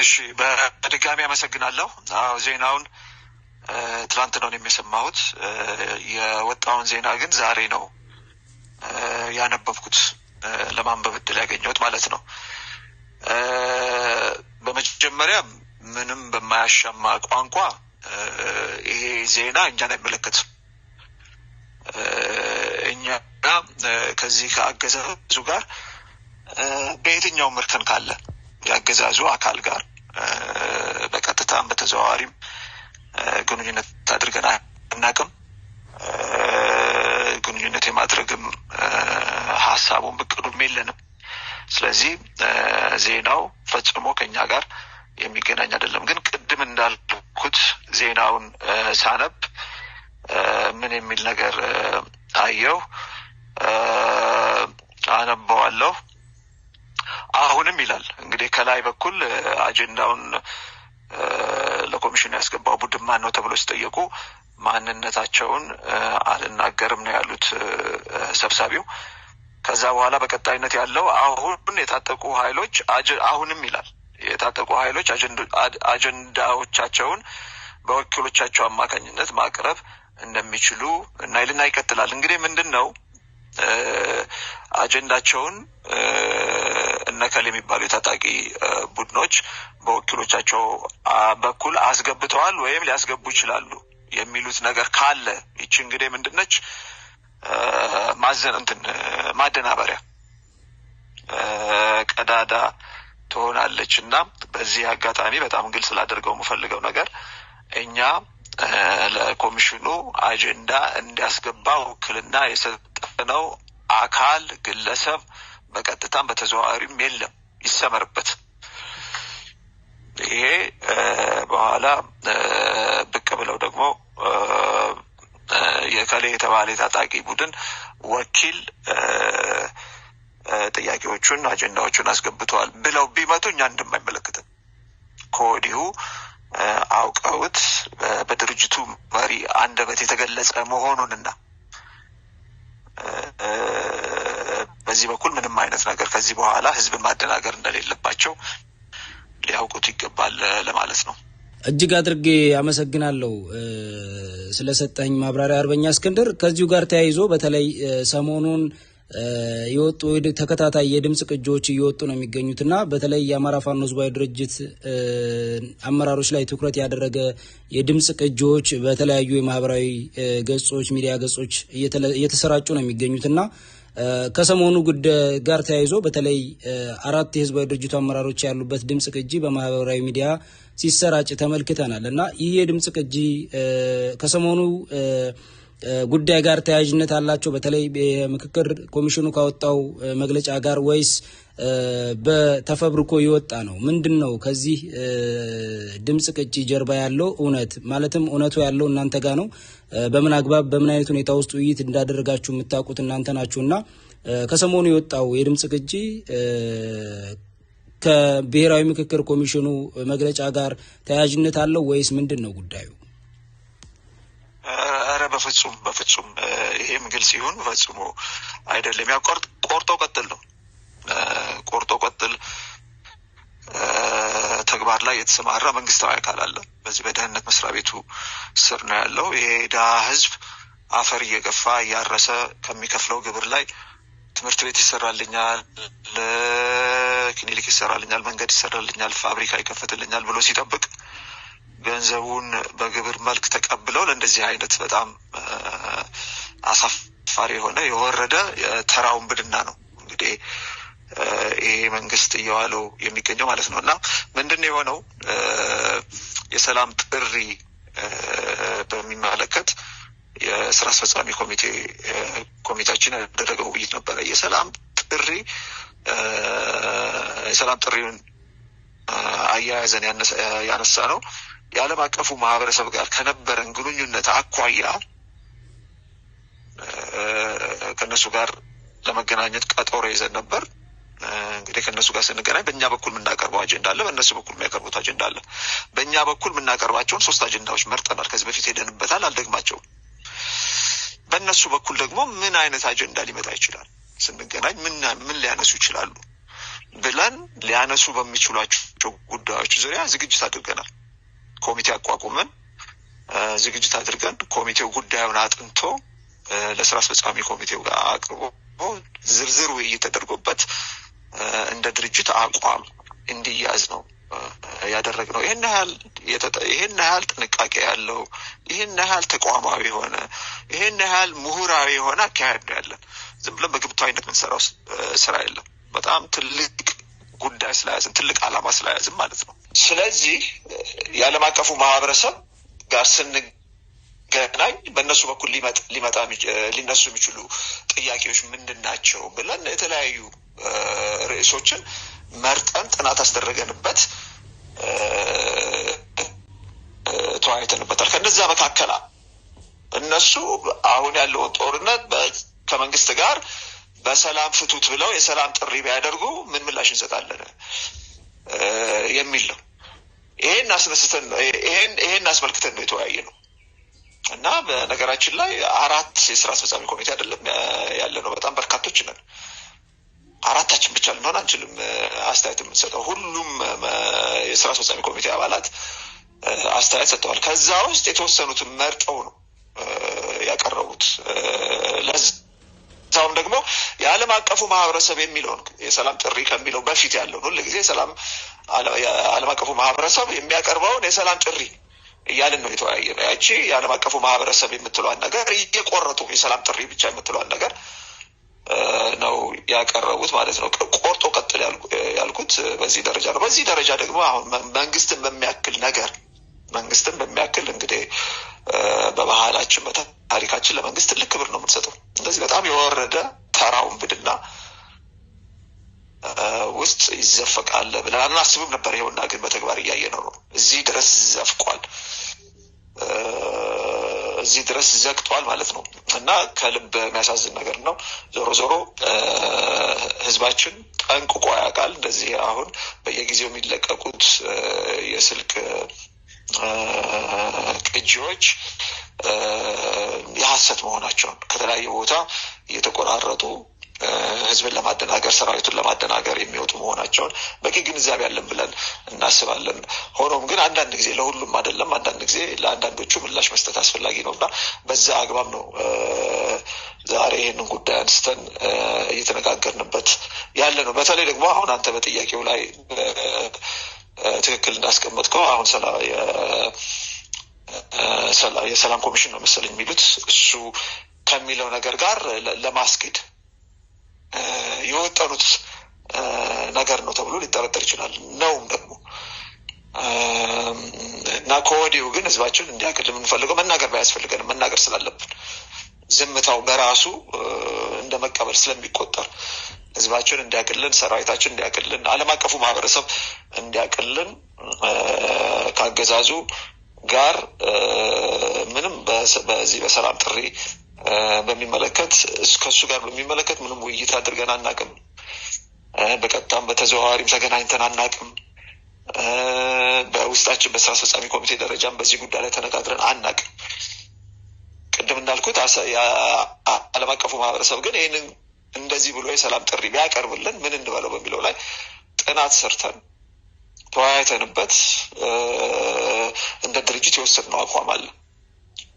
እሺ በድጋሚ አመሰግናለሁ። አዎ ዜናውን ትላንት ነው የሚሰማሁት። የወጣውን ዜና ግን ዛሬ ነው ያነበብኩት፣ ለማንበብ እድል ያገኘሁት ማለት ነው። በመጀመሪያ ምንም በማያሻማ ቋንቋ ይሄ ዜና እኛን አይመለከትም። እኛ ከዚህ ከአገዛዙ ጋር በየትኛውም እርከን ካለ የአገዛዙ አካል ጋር በቀጥታም በተዘዋዋሪም ግንኙነት አድርገን አናቅም። ግንኙነት የማድረግም ሀሳቡም እቅዱም የለንም። ስለዚህ ዜናው ፈጽሞ ከኛ ጋር የሚገናኝ አይደለም። ግን ቅድም እንዳልኩት ዜናውን ሳነብ ምን የሚል ነገር አየው አነበዋለሁ አሁንም ይላል እንግዲህ ከላይ በኩል አጀንዳውን ለኮሚሽኑ ያስገባው ቡድን ማን ነው ተብሎ ሲጠየቁ ማንነታቸውን አልናገርም ነው ያሉት ሰብሳቢው። ከዛ በኋላ በቀጣይነት ያለው አሁን የታጠቁ ኃይሎች አሁንም ይላል የታጠቁ ኃይሎች አጀንዳዎቻቸውን በወኪሎቻቸው አማካኝነት ማቅረብ እንደሚችሉ እና ይልና ይቀጥላል። እንግዲህ ምንድን ነው አጀንዳቸውን እነከል የሚባሉ የታጣቂ ቡድኖች በወኪሎቻቸው በኩል አስገብተዋል ወይም ሊያስገቡ ይችላሉ የሚሉት ነገር ካለ ይቺ እንግዲህ ምንድነች ማዘን እንትን ማደናበሪያ ቀዳዳ ትሆናለች እና በዚህ አጋጣሚ በጣም ግልጽ ላደርገው የምፈልገው ነገር እኛ ለኮሚሽኑ አጀንዳ እንዲያስገባ ውክልና የሰጠነው አካል ግለሰብ በቀጥታም በተዘዋዋሪም የለም። ይሰመርበት። ይሄ በኋላ ብቅ ብለው ደግሞ የከሌ የተባለ የታጣቂ ቡድን ወኪል ጥያቄዎቹን አጀንዳዎቹን አስገብተዋል ብለው ቢመጡ እኛ እንደማይመለከተን ከወዲሁ አውቀውት በድርጅቱ መሪ አንደበት የተገለጸ መሆኑንና በዚህ በኩል ምንም አይነት ነገር ከዚህ በኋላ ህዝብን ማደናገር እንደሌለባቸው ሊያውቁት ይገባል ለማለት ነው። እጅግ አድርጌ አመሰግናለሁ ስለሰጠኝ ማብራሪያ አርበኛ እስክንድር። ከዚሁ ጋር ተያይዞ በተለይ ሰሞኑን የወጡ ተከታታይ የድምፅ ቅጂዎች እየወጡ ነው የሚገኙትና በተለይ የአማራ ፋኖ ህዝባዊ ድርጅት አመራሮች ላይ ትኩረት ያደረገ የድምፅ ቅጂዎች በተለያዩ የማህበራዊ ገጾች፣ ሚዲያ ገጾች እየተሰራጩ ነው የሚገኙትና ከሰሞኑ ጉዳይ ጋር ተያይዞ በተለይ አራት የህዝባዊ ድርጅቱ አመራሮች ያሉበት ድምፅ ቅጂ በማህበራዊ ሚዲያ ሲሰራጭ ተመልክተናል እና ይህ የድምፅ ቅጂ ከሰሞኑ ጉዳይ ጋር ተያያዥነት አላቸው በተለይ ምክክር ኮሚሽኑ ካወጣው መግለጫ ጋር ወይስ በተፈብርኮ የወጣ ነው። ምንድን ነው ከዚህ ድምፅ ቅጂ ጀርባ ያለው እውነት? ማለትም እውነቱ ያለው እናንተ ጋር ነው። በምን አግባብ በምን አይነት ሁኔታ ውስጥ ውይይት እንዳደረጋችሁ የምታውቁት እናንተ እና ከሰሞኑ የወጣው የድምፅ ቅጂ ከብሔራዊ ምክክር ኮሚሽኑ መግለጫ ጋር ተያያዥነት አለው ወይስ ምንድን ነው ጉዳዩ? ኧረ በፍጹም በፍጹም ይሄም ግልጽ ይሁን ፈጽሞ አይደለም። ያ ቆርጦ ቀጥል ነው ቆርጦ ቆጥል ተግባር ላይ የተሰማራ መንግስታዊ አካል አለ። በዚህ በደህንነት መስሪያ ቤቱ ስር ነው ያለው። የድሃ ህዝብ አፈር እየገፋ እያረሰ ከሚከፍለው ግብር ላይ ትምህርት ቤት ይሰራልኛል፣ ክሊኒክ ይሰራልኛል፣ መንገድ ይሰራልኛል፣ ፋብሪካ ይከፈትልኛል ብሎ ሲጠብቅ ገንዘቡን በግብር መልክ ተቀብለው ለእንደዚህ አይነት በጣም አሳፋሪ የሆነ የወረደ ተራ ውንብድና ነው እንግዲህ ይሄ መንግስት እየዋለው የሚገኘው ማለት ነው። እና ምንድን የሆነው የሰላም ጥሪ በሚመለከት የስራ አስፈጻሚ ኮሚቴ ኮሚቴያችን ያደረገው ውይይት ነበረ። የሰላም ጥሪ የሰላም ጥሪውን አያያዘን ያነሳ ነው የዓለም አቀፉ ማህበረሰብ ጋር ከነበረን ግንኙነት አኳያ ከእነሱ ጋር ለመገናኘት ቀጠሮ ይዘን ነበር። እንግዲህ ከእነሱ ጋር ስንገናኝ በእኛ በኩል የምናቀርበው አጀንዳ አለ፣ በእነሱ በኩል የሚያቀርቡት አጀንዳ አለ። በእኛ በኩል የምናቀርባቸውን ሶስት አጀንዳዎች መርጠናል። ከዚህ በፊት ሄደንበታል፣ አልደግማቸውም። በእነሱ በኩል ደግሞ ምን አይነት አጀንዳ ሊመጣ ይችላል፣ ስንገናኝ ምን ሊያነሱ ይችላሉ ብለን ሊያነሱ በሚችሏቸው ጉዳዮች ዙሪያ ዝግጅት አድርገናል። ኮሚቴ አቋቁመን ዝግጅት አድርገን ኮሚቴው ጉዳዩን አጥንቶ ለስራ አስፈጻሚ ኮሚቴው ጋር አቅርቦ ዝርዝር ውይይት ተደርጎበት እንደ ድርጅት አቋም እንዲያዝ ነው ያደረግ ነው። ይህን ያህል ይህን ያህል ጥንቃቄ ያለው ይህን ያህል ተቋማዊ የሆነ ይህን ያህል ምሁራዊ የሆነ አካሄድ ነው ያለን። ዝም ብለን በግብታዊነት የምንሰራው ስራ የለም። በጣም ትልቅ ጉዳይ ስለያዝን ትልቅ ዓላማ ስለያዝን ማለት ነው። ስለዚህ የዓለም አቀፉ ማህበረሰብ ጋር ስንገናኝ በእነሱ በኩል ሊመጣ ሊነሱ የሚችሉ ጥያቄዎች ምንድን ናቸው ብለን የተለያዩ ርዕሶችን መርጠን ጥናት አስደረገንበት ተወያይተንበታል። ከነዚያ መካከል እነሱ አሁን ያለውን ጦርነት ከመንግስት ጋር በሰላም ፍቱት ብለው የሰላም ጥሪ ቢያደርጉ ምን ምላሽ እንሰጣለን የሚል ነው። ይሄን አስነስተን ይሄን አስመልክተን ነው የተወያየ ነው እና በነገራችን ላይ አራት የስራ አስፈጻሚ ኮሚቴ አይደለም ያለ ነው። በጣም በርካቶች ነን። አራታችን ብቻ ልንሆን አንችልም አስተያየት የምንሰጠው። ሁሉም የስራ አስፈጻሚ ኮሚቴ አባላት አስተያየት ሰጥተዋል። ከዛ ውስጥ የተወሰኑትን መርጠው ነው ያቀረቡት። ለዛውም ደግሞ የዓለም አቀፉ ማህበረሰብ የሚለውን የሰላም ጥሪ ከሚለው በፊት ያለውን ሁሉ ጊዜ ሰላም የዓለም አቀፉ ማህበረሰብ የሚያቀርበውን የሰላም ጥሪ እያልን ነው የተወያየ ነው። ያቺ የዓለም አቀፉ ማህበረሰብ የምትለዋን ነገር እየቆረጡ የሰላም ጥሪ ብቻ የምትለዋን ነገር ነው ያቀረቡት ማለት ነው። ቆርጦ ቀጥል ያልኩት በዚህ ደረጃ ነው። በዚህ ደረጃ ደግሞ አሁን መንግስትን በሚያክል ነገር መንግስትን በሚያክል እንግዲህ በባህላችን በታሪካችን ለመንግስት ትልቅ ክብር ነው የምንሰጠው። እንደዚህ በጣም የወረደ ተራው ውንብድና ውስጥ ይዘፈቃል ብለን አናስብም ነበር። ይኸውና ግን በተግባር እያየ ነው ነው እዚህ ድረስ ዘፍቋል። እዚህ ድረስ ዘግቷል ማለት ነው እና ከልብ የሚያሳዝን ነገር ነው። ዞሮ ዞሮ ህዝባችን ጠንቅቆ ያውቃል። እንደዚህ አሁን በየጊዜው የሚለቀቁት የስልክ ቅጂዎች የሀሰት መሆናቸውን ከተለያየ ቦታ እየተቆራረጡ ህዝብን ለማደናገር ሰራዊቱን ለማደናገር የሚወጡ መሆናቸውን በቂ ግንዛቤ አለን ብለን እናስባለን። ሆኖም ግን አንዳንድ ጊዜ ለሁሉም አይደለም፣ አንዳንድ ጊዜ ለአንዳንዶቹ ምላሽ መስጠት አስፈላጊ ነው እና በዛ አግባብ ነው ዛሬ ይህንን ጉዳይ አንስተን እየተነጋገርንበት ያለ ነው። በተለይ ደግሞ አሁን አንተ በጥያቄው ላይ ትክክል እንዳስቀመጥከው አሁን የሰላም ኮሚሽን ነው መሰለኝ የሚሉት እሱ ከሚለው ነገር ጋር ለማስጌድ የወጠኑት ነገር ነው ተብሎ ሊጠረጠር ይችላል። ነውም ደግሞ እና ከወዲሁ ግን ህዝባችን እንዲያቅል የምንፈልገው መናገር ባያስፈልገንም መናገር ስላለብን ዝምታው በራሱ እንደ መቀበል ስለሚቆጠር ህዝባችን እንዲያቅልን፣ ሰራዊታችን እንዲያቅልን፣ ዓለም አቀፉ ማህበረሰብ እንዲያቅልን ከአገዛዙ ጋር ምንም በዚህ በሰላም ጥሪ በሚመለከት ከእሱ ጋር በሚመለከት ምንም ውይይት አድርገን አናቅም። በቀጥታም በተዘዋዋሪም ተገናኝተን አናቅም። በውስጣችን በስራ አስፈጻሚ ኮሚቴ ደረጃም በዚህ ጉዳይ ላይ ተነጋግረን አናቅም። ቅድም እንዳልኩት ዓለም አቀፉ ማህበረሰብ ግን ይህንን እንደዚህ ብሎ የሰላም ጥሪ ቢያቀርብልን ምን እንበለው በሚለው ላይ ጥናት ሰርተን ተወያይተንበት እንደ ድርጅት የወሰድነው አቋም አለ።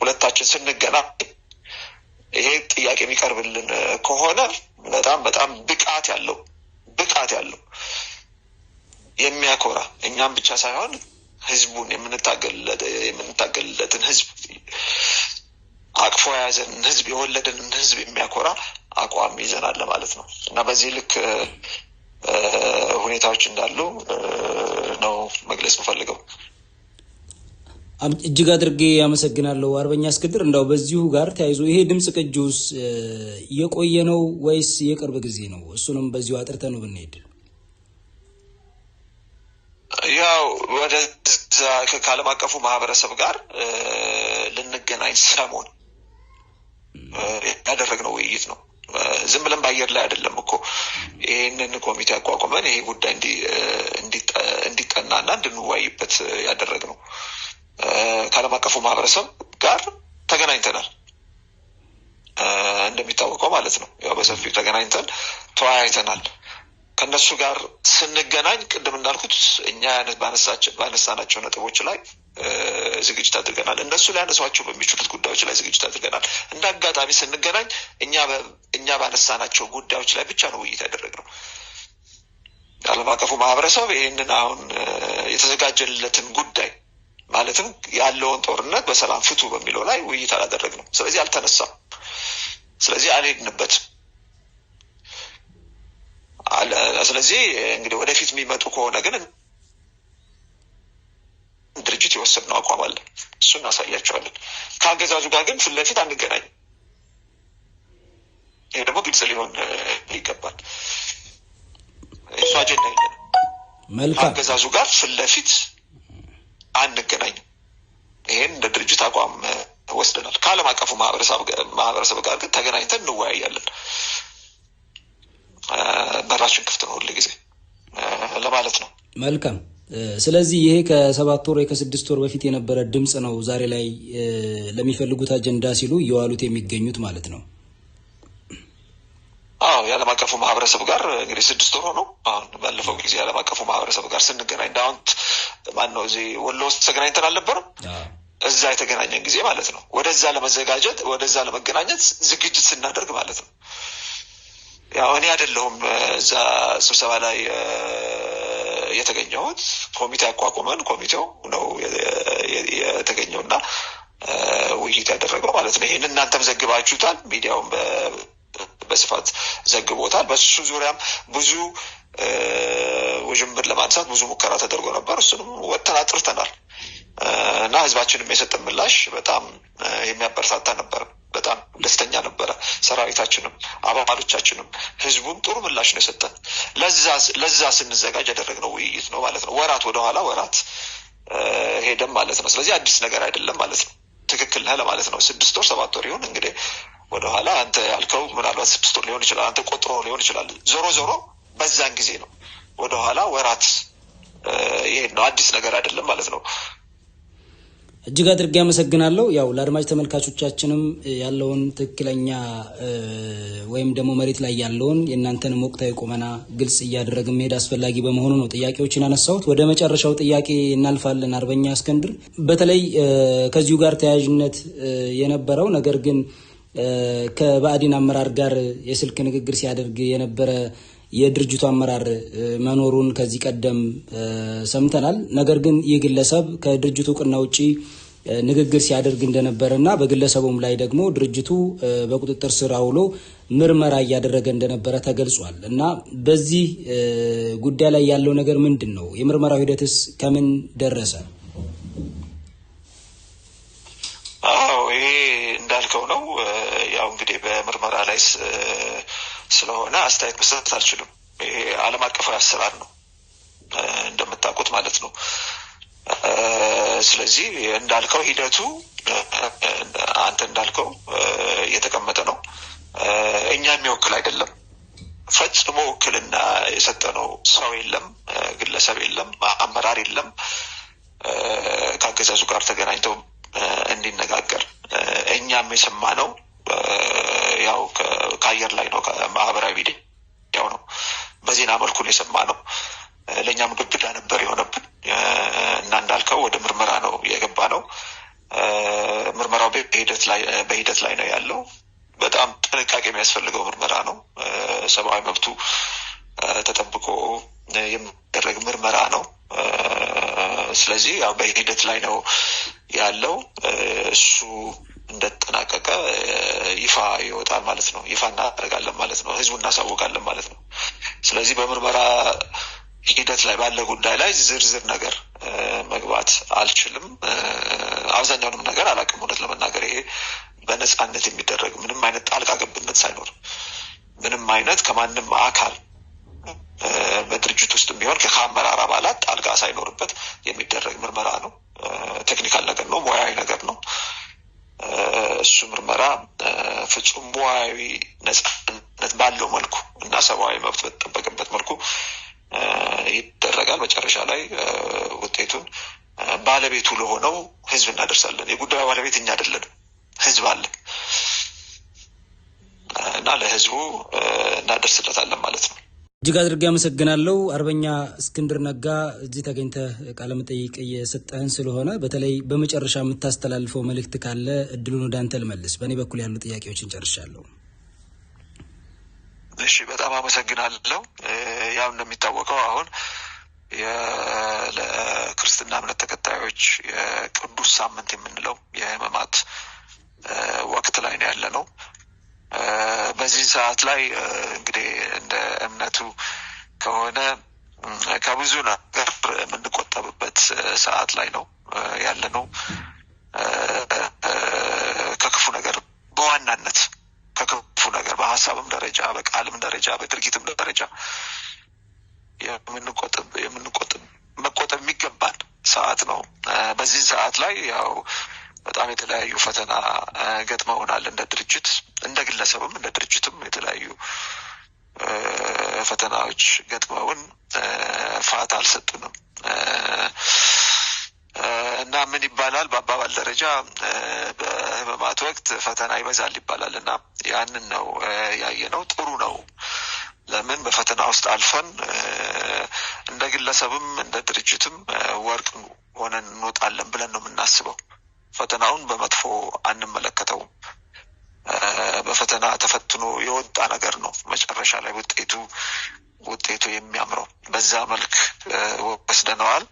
ሁለታችን ስንገናኝ ይሄ ጥያቄ የሚቀርብልን ከሆነ በጣም በጣም ብቃት ያለው ብቃት ያለው የሚያኮራ እኛም ብቻ ሳይሆን ህዝቡን የምንታገልለትን ህዝብ አቅፎ የያዘንን ህዝብ የወለደንን ህዝብ የሚያኮራ አቋም ይዘናል ማለት ነው እና በዚህ ልክ ሁኔታዎች እንዳሉ ነው መግለጽ የምፈልገው። እጅግ አድርጌ ያመሰግናለሁ አርበኛ አስክድር እንዳው በዚሁ ጋር ተያይዞ ይሄ ድምፅ ቅጂውስ የቆየ ነው ወይስ የቅርብ ጊዜ ነው? እሱንም በዚሁ አጥርተ ነው ብንሄድ ያው ወደዛ ከዓለም አቀፉ ማህበረሰብ ጋር ልንገናኝ ሰሞን ያደረግነው ውይይት ነው። ዝም ብለን በአየር ላይ አይደለም እኮ ይህንን ኮሚቴ አቋቁመን ይሄ ጉዳይ እንዲጠናና እንድንወያይበት ያደረግነው ከዓለም አቀፉ ማህበረሰብ ጋር ተገናኝተናል። እንደሚታወቀው ማለት ነው ያው በሰፊው ተገናኝተን ተወያይተናል። ከእነሱ ጋር ስንገናኝ ቅድም እንዳልኩት እኛ ባነሳናቸው ነጥቦች ላይ ዝግጅት አድርገናል። እነሱ ሊያነሷቸው በሚችሉት ጉዳዮች ላይ ዝግጅት አድርገናል። እንደ አጋጣሚ ስንገናኝ እኛ ባነሳናቸው ጉዳዮች ላይ ብቻ ነው ውይይት ያደረግነው። ዓለም አቀፉ ማህበረሰብ ይህንን አሁን የተዘጋጀለትን ጉዳይ ማለትም ያለውን ጦርነት በሰላም ፍቱ በሚለው ላይ ውይይት አላደረግንም። ስለዚህ አልተነሳም። ስለዚህ አልሄድንበትም። ስለዚህ እንግዲህ ወደፊት የሚመጡ ከሆነ ግን ድርጅት የወሰድነው አቋም አለ። እሱን እናሳያቸዋለን። ከአገዛዙ ጋር ግን ፊት ለፊት አንገናኝም። ይሄ ደግሞ ግልጽ ሊሆን ይገባል። እሱ አጀንዳ የለንም። ከአገዛዙ ጋር ፊት ለፊት አንገናኝም። ይሄን እንደ ድርጅት አቋም ወስደናል። ከዓለም አቀፉ ማህበረሰብ ጋር ግን ተገናኝተን እንወያያለን። በራችን ክፍት ነው ሁል ጊዜ ለማለት ነው። መልካም። ስለዚህ ይሄ ከሰባት ወር ከስድስት ወር በፊት የነበረ ድምፅ ነው ዛሬ ላይ ለሚፈልጉት አጀንዳ ሲሉ እየዋሉት የሚገኙት ማለት ነው። አዎ አቀፉ ማህበረሰብ ጋር እንግዲህ ስድስት ወር ሆኖ አሁን ባለፈው ጊዜ ዓለም አቀፉ ማህበረሰብ ጋር ስንገናኝ ዳውንት ማን ነው እዚህ ወሎ ውስጥ ተገናኝተን አልነበርም? እዛ የተገናኘን ጊዜ ማለት ነው። ወደዛ ለመዘጋጀት ወደዛ ለመገናኘት ዝግጅት ስናደርግ ማለት ነው። ያው እኔ አይደለሁም እዛ ስብሰባ ላይ የተገኘሁት ኮሚቴ አቋቁመን ኮሚቴው ነው የተገኘውና ውይይት ያደረገው ማለት ነው። ይህን እናንተም ዘግባችሁታል ሚዲያውን በስፋት ዘግቦታል። በሱ ዙሪያም ብዙ ውዥንብር ለማንሳት ብዙ ሙከራ ተደርጎ ነበር። እሱንም ወጥተን አጥርተናል እና ህዝባችንም የሰጠን ምላሽ በጣም የሚያበረታታ ነበር። በጣም ደስተኛ ነበረ። ሰራዊታችንም፣ አባሎቻችንም፣ ህዝቡም ጥሩ ምላሽ ነው የሰጠን። ለዛ ስንዘጋጅ ያደረግነው ውይይት ነው ማለት ነው። ወራት ወደኋላ ወራት ሄደም ማለት ነው። ስለዚህ አዲስ ነገር አይደለም ማለት ነው። ትክክል ነህ ለማለት ነው። ስድስት ወር ሰባት ወር ይሁን እንግዲህ ወደኋላ አንተ ያልከው ምናልባት ስድስት ወር ሊሆን ይችላል። አንተ ቆጥሮ ሊሆን ይችላል። ዞሮ ዞሮ በዛን ጊዜ ነው ወደኋላ ወራት ይሄ ነው አዲስ ነገር አይደለም ማለት ነው። እጅግ አድርጌ አመሰግናለሁ። ያው ለአድማጭ ተመልካቾቻችንም ያለውን ትክክለኛ ወይም ደግሞ መሬት ላይ ያለውን የእናንተንም ወቅታዊ ቁመና ግልጽ እያደረግን መሄድ አስፈላጊ በመሆኑ ነው ጥያቄዎችን ያነሳሁት። ወደ መጨረሻው ጥያቄ እናልፋለን። አርበኛ እስክንድር በተለይ ከዚሁ ጋር ተያያዥነት የነበረው ነገር ግን ከባዕዲን አመራር ጋር የስልክ ንግግር ሲያደርግ የነበረ የድርጅቱ አመራር መኖሩን ከዚህ ቀደም ሰምተናል። ነገር ግን ይህ ግለሰብ ከድርጅቱ እውቅና ውጪ ንግግር ሲያደርግ እንደነበረ እና በግለሰቡም ላይ ደግሞ ድርጅቱ በቁጥጥር ስር አውሎ ምርመራ እያደረገ እንደነበረ ተገልጿል እና በዚህ ጉዳይ ላይ ያለው ነገር ምንድን ነው? የምርመራው ሂደትስ ከምን ደረሰ? ምርመራ ላይ ስለሆነ አስተያየት መስጠት አልችልም። ይሄ ዓለም አቀፋዊ አሰራር ነው እንደምታውቁት ማለት ነው። ስለዚህ እንዳልከው ሂደቱ አንተ እንዳልከው እየተቀመጠ ነው። እኛ የሚወክል አይደለም። ፈጽሞ ውክልና የሰጠነው ሰው የለም፣ ግለሰብ የለም፣ አመራር የለም። ከአገዛዙ ጋር ተገናኝተው እንዲነጋገር እኛም የሰማነው ያው ከአየር ላይ ነው ከማህበራዊ ሚዲያው ነው በዜና መልኩ ነው የሰማነው። ለእኛም ግብዳ ነበር የሆነብን እና እንዳልከው ወደ ምርመራ ነው የገባ ነው። ምርመራው በሂደት ላይ ነው ያለው። በጣም ጥንቃቄ የሚያስፈልገው ምርመራ ነው። ሰብአዊ መብቱ ተጠብቆ የሚደረግ ምርመራ ነው። ስለዚህ ያው በሂደት ላይ ነው ያለው እሱ እንደተጠናቀቀ ይፋ ይወጣል ማለት ነው። ይፋ እናደርጋለን ማለት ነው። ህዝቡ እናሳውቃለን ማለት ነው። ስለዚህ በምርመራ ሂደት ላይ ባለ ጉዳይ ላይ ዝርዝር ነገር መግባት አልችልም። አብዛኛውንም ነገር አላውቅም። እውነት ለመናገር ይሄ በነፃነት የሚደረግ ምንም አይነት ጣልቃ ገብነት ሳይኖር ምንም አይነት ከማንም አካል በድርጅት ውስጥ ቢሆን ከአመራር አባላት ጣልቃ ሳይኖርበት የሚደረግ ምርመራ ነው። ፍጹም በዋዊ ነጻነት ባለው መልኩ እና ሰብአዊ መብት በተጠበቅበት መልኩ ይደረጋል። መጨረሻ ላይ ውጤቱን ባለቤቱ ለሆነው ህዝብ እናደርሳለን። የጉዳዩ ባለቤት እኛ አይደለንም፣ ህዝብ አለ እና ለህዝቡ እናደርስለታለን ማለት ነው። እጅግ አድርጌ አመሰግናለሁ አርበኛ እስክንድር ነጋ እዚህ ተገኝተ ቃለመጠይቅ የሰጠህን ስለሆነ በተለይ በመጨረሻ የምታስተላልፈው መልእክት ካለ እድሉን ወደ አንተ ልመልስ። በእኔ በኩል ያሉ ጥያቄዎችን ጨርሻለሁ። እሺ፣ በጣም አመሰግናለሁ። ያው እንደሚታወቀው አሁን ለክርስትና እምነት ተከታዮች የቅዱስ ሳምንት የምንለው የህመማት ወቅት ላይ ነው ያለ ነው። በዚህ ሰዓት ላይ እንግዲህ እንደ እምነቱ ከሆነ ከብዙ ነገር የምንቆጠብበት ሰዓት ላይ ነው ያለ ነው። ከክፉ ነገር በዋናነት ከክፉ ነገር በሀሳብም ደረጃ በቃልም ደረጃ በድርጊትም ደረጃ የምንቆጥብ የምንቆጥብ መቆጠብ የሚገባን ሰዓት ነው። በዚህ ሰዓት ላይ ያው በጣም የተለያዩ ፈተና ገጥመውናል እንደ ድርጅት እንደ ግለሰብም እንደ ድርጅትም የተለያዩ ፈተናዎች ገጥመውን ፋታ አልሰጡንም እና ምን ይባላል በአባባል ደረጃ በህመማት ወቅት ፈተና ይበዛል ይባላል እና ያንን ነው ያየነው። ጥሩ ነው። ለምን በፈተና ውስጥ አልፈን እንደ ግለሰብም እንደ ድርጅትም ወርቅ ሆነን እንወጣለን ብለን ነው የምናስበው። ፈተናውን በመጥፎ አንመለከተውም። በፈተና ተፈትኖ የወጣ ነገር ነው። መጨረሻ ላይ ውጤቱ ውጤቱ የሚያምረው በዛ መልክ ወስደነዋል።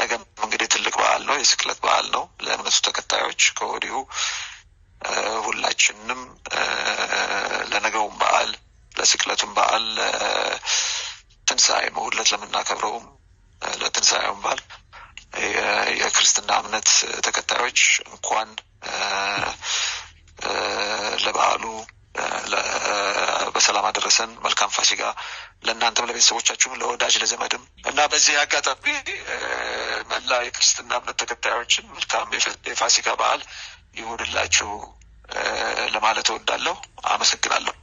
ነገም እንግዲህ ትልቅ በዓል ነው፣ የስቅለት በዓል ነው። ለእምነቱ ተከታዮች ከወዲሁ ሁላችንም ለነገውም በዓል ለስቅለቱም በዓል ለትንሣኤ መውለት ለምናከብረውም ለትንሣኤውም በዓል የክርስትና እምነት ተከታዮች እንኳን ለበዓሉ በሰላም አደረሰን። መልካም ፋሲካ ለእናንተም፣ ለቤተሰቦቻችሁም፣ ለወዳጅ ለዘመድም እና በዚህ አጋጣሚ መላ የክርስትና እምነት ተከታዮችን መልካም የፋሲካ በዓል ይሁንላችሁ ለማለት እወዳለሁ። አመሰግናለሁ።